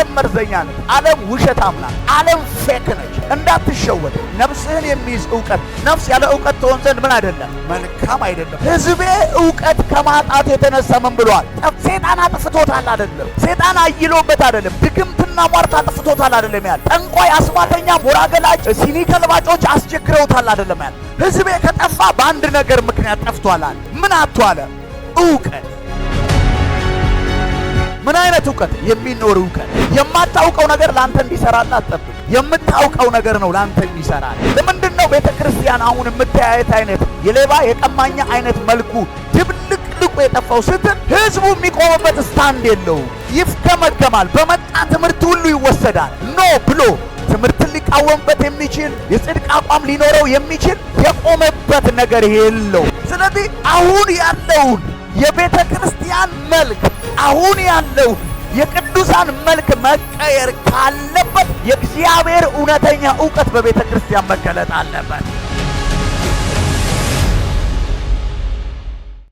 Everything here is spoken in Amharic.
ዓለም መርዘኛ ነች። ዓለም ውሸታም ናት። ዓለም ፌክ ነች። እንዳትሸወድ። ነፍስህን የሚይዝ እውቀት ነፍስ ያለ እውቀት ትሆን ዘንድ ምን አይደለም መልካም አይደለም። ህዝቤ እውቀት ከማጣት የተነሳ ምን ብሏል? ሴጣን አጥፍቶታል አይደለም፣ ሴጣን አይሎበት አይደለም፣ ድግምትና ሟርት አጥፍቶታል አይደለም ያለ ጠንቋይ፣ አስማተኛ፣ ሞራ ገላጭ፣ ሲኒ ገልባጮች አስቸግረውታል አይደለም ያለ ከጠፋ በአንድ ነገር ምክንያት ጠፍቷል አለ። ምን አቷለ? እውቀት ምን አይነት እውቀት? የሚኖር እውቀት የማታውቀው ነገር ላንተ እንዲሰራና አትጠብቅ። የምታውቀው ነገር ነው ላንተ የሚሰራ። ለምንድን ነው ቤተ ክርስቲያን አሁን የምታያየት አይነት የሌባ የቀማኛ አይነት መልኩ ድብልቅልቁ የጠፋው ስትል ህዝቡ የሚቆምበት ስታንድ የለውም። ይፍከመከማል፣ በመጣ ትምህርት ሁሉ ይወሰዳል። ኖ ብሎ ትምህርትን ሊቃወምበት የሚችል የጽድቅ አቋም ሊኖረው የሚችል የቆመበት ነገር የለው። ስለዚህ አሁን ያለውን የቤተ ክርስቲያን መልክ አሁን ያለውን የቅዱሳን መልክ መቀየር ካለበት የእግዚአብሔር እውነተኛ እውቀት በቤተ ክርስቲያን መገለጥ አለበት።